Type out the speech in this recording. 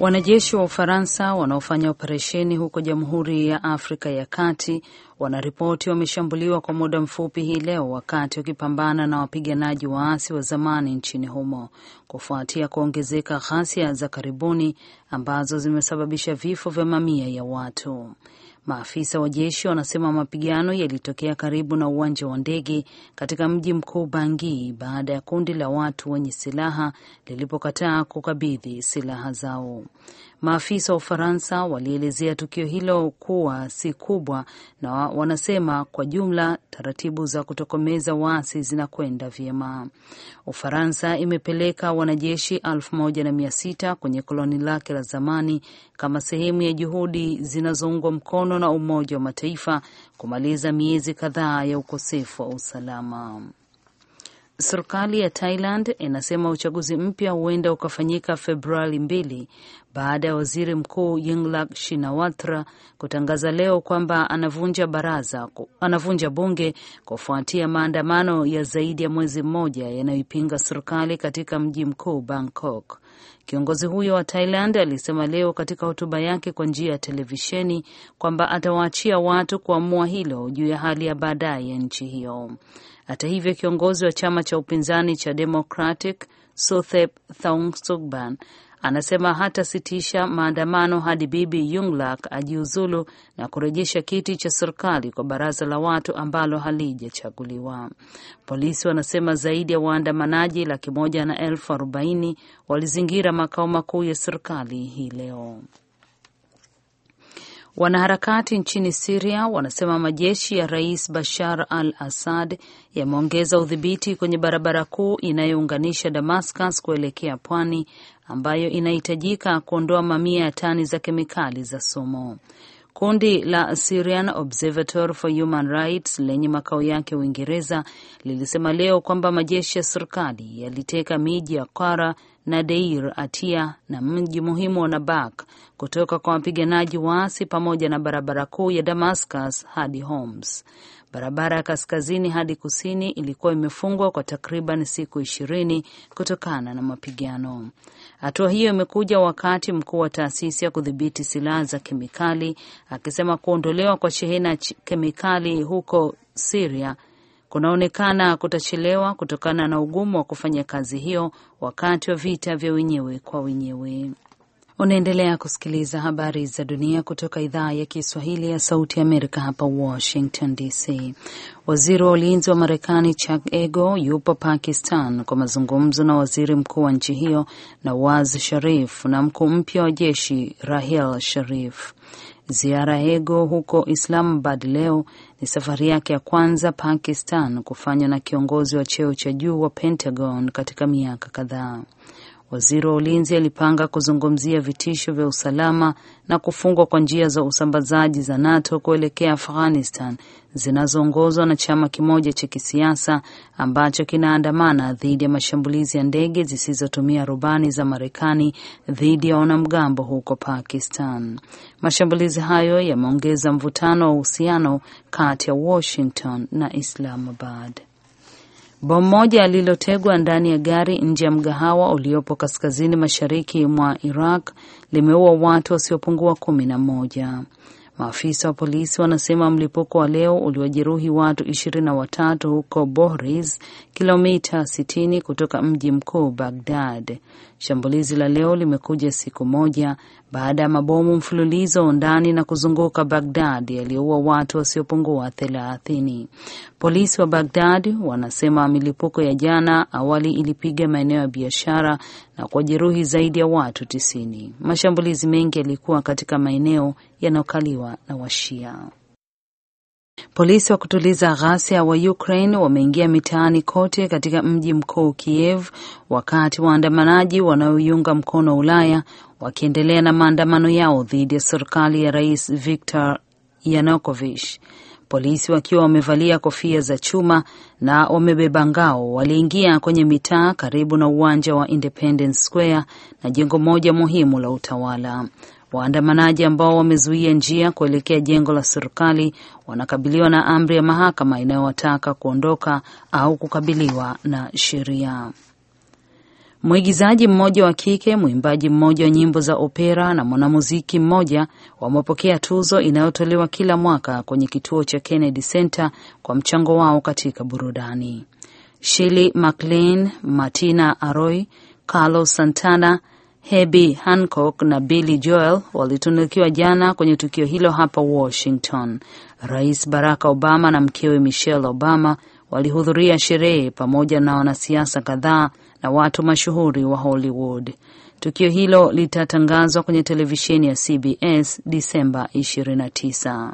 Wanajeshi wa Ufaransa wanaofanya operesheni huko Jamhuri ya Afrika ya Kati wanaripoti wameshambuliwa kwa muda mfupi hii leo wakati wakipambana na wapiganaji waasi wa zamani nchini humo kufuatia kuongezeka ghasia za karibuni ambazo zimesababisha vifo vya mamia ya watu. Maafisa wa jeshi wanasema mapigano yalitokea karibu na uwanja wa ndege katika mji mkuu Bangui baada ya kundi la watu wenye silaha lilipokataa kukabidhi silaha zao. Maafisa wa Ufaransa walielezea tukio hilo kuwa si kubwa na wanasema kwa jumla taratibu za kutokomeza waasi zinakwenda vyema. Ufaransa imepeleka wanajeshi elfu moja na mia sita kwenye koloni lake la zamani kama sehemu ya juhudi zinazoungwa mkono na Umoja wa Mataifa kumaliza miezi kadhaa ya ukosefu wa usalama. Serikali ya Thailand inasema uchaguzi mpya huenda ukafanyika Februari mbili baada ya waziri mkuu Yingluck Shinawatra kutangaza leo kwamba anavunja baraza, anavunja bunge kufuatia maandamano ya zaidi ya mwezi mmoja yanayoipinga serikali katika mji mkuu Bangkok. Kiongozi huyo wa Thailand alisema leo katika hotuba yake kwa njia ya televisheni kwamba atawaachia watu kuamua hilo juu ya hali ya baadaye ya nchi hiyo. Hata hivyo, kiongozi wa chama cha upinzani cha Democratic Suthep Thongsugban anasema hatasitisha maandamano hadi Bibi Yunglak ajiuzulu na kurejesha kiti cha serikali kwa baraza la watu ambalo halijachaguliwa. Polisi wanasema zaidi ya waandamanaji laki moja na elfu arobaini walizingira makao makuu ya serikali hii leo. Wanaharakati nchini Siria wanasema majeshi ya Rais Bashar al Assad yameongeza udhibiti kwenye barabara kuu inayounganisha Damascus kuelekea pwani ambayo inahitajika kuondoa mamia ya tani za kemikali za sumu. Kundi la Syrian Observatory for Human Rights lenye makao yake Uingereza lilisema leo kwamba majeshi ya serikali yaliteka miji ya Kara na Deir Atia na mji muhimu wa Nabak kutoka kwa wapiganaji waasi pamoja na barabara kuu ya Damascus hadi Homs. Barabara ya kaskazini hadi kusini ilikuwa imefungwa kwa takriban siku ishirini kutokana na mapigano. Hatua hiyo imekuja wakati mkuu wa taasisi ya kudhibiti silaha za kemikali akisema kuondolewa kwa shehena kemikali huko Siria kunaonekana kutachelewa kutokana na ugumu wa kufanya kazi hiyo wakati wa vita vya wenyewe kwa wenyewe. Unaendelea kusikiliza habari za dunia kutoka idhaa ya Kiswahili ya Sauti ya Amerika hapa Washington DC. Waziri wa ulinzi wa Marekani Chuck Ego yupo Pakistan kwa mazungumzo na waziri mkuu wa nchi hiyo Nawaz Sharif na mkuu mpya wa jeshi rahil Sharif. Ziara ya Ego huko Islamabad leo ni safari yake ya kwanza Pakistan kufanywa na kiongozi wa cheo cha juu wa Pentagon katika miaka kadhaa. Waziri wa ulinzi alipanga kuzungumzia vitisho vya usalama na kufungwa kwa njia za usambazaji za NATO kuelekea Afghanistan zinazoongozwa na chama kimoja cha kisiasa ambacho kinaandamana dhidi ya mashambulizi ya ndege zisizotumia rubani za Marekani dhidi ya wanamgambo huko Pakistan. Mashambulizi hayo yameongeza mvutano wa uhusiano kati ya Washington na Islamabad. Bomu moja lililotegwa ndani ya gari nje ya mgahawa uliopo kaskazini mashariki mwa Iraq limeua watu wasiopungua kumi na moja. Maafisa wa polisi wanasema mlipuko wa leo uliwajeruhi watu ishirini na watatu huko Bohris, kilomita 60 kutoka mji mkuu Bagdad. Shambulizi la leo limekuja siku moja baada ya mabomu mfululizo ndani na kuzunguka Bagdad yaliyoua watu wasiopungua thelathini. Polisi wa Bagdad wanasema milipuko ya jana awali ilipiga maeneo ya biashara na kujeruhi zaidi ya watu tisini. Mashambulizi mengi yalikuwa katika maeneo yanayokaliwa na Washia. Polisi wa kutuliza ghasia wa Ukraine wameingia mitaani kote katika mji mkuu Kiev, wakati waandamanaji wanaoiunga mkono Ulaya wakiendelea na maandamano yao dhidi ya serikali ya Rais Viktor Yanukovych. Polisi wakiwa wamevalia kofia za chuma na wamebeba ngao waliingia kwenye mitaa karibu na uwanja wa Independence Square na jengo moja muhimu la utawala. Waandamanaji ambao wamezuia njia kuelekea jengo la serikali wanakabiliwa na amri ya mahakama inayowataka kuondoka au kukabiliwa na sheria. Mwigizaji mmoja wa kike, mwimbaji mmoja wa nyimbo za opera na mwanamuziki mmoja wamepokea tuzo inayotolewa kila mwaka kwenye kituo cha Kennedy Center kwa mchango wao katika burudani. Shirley MacLaine, Martina aroy Carlos Santana Herbie Hancock na Billy Joel walitunukiwa jana kwenye tukio hilo hapa Washington. Rais Barack Obama na mkewe Michelle Obama walihudhuria sherehe pamoja na wanasiasa kadhaa na watu mashuhuri wa Hollywood. Tukio hilo litatangazwa kwenye televisheni ya CBS Disemba 29.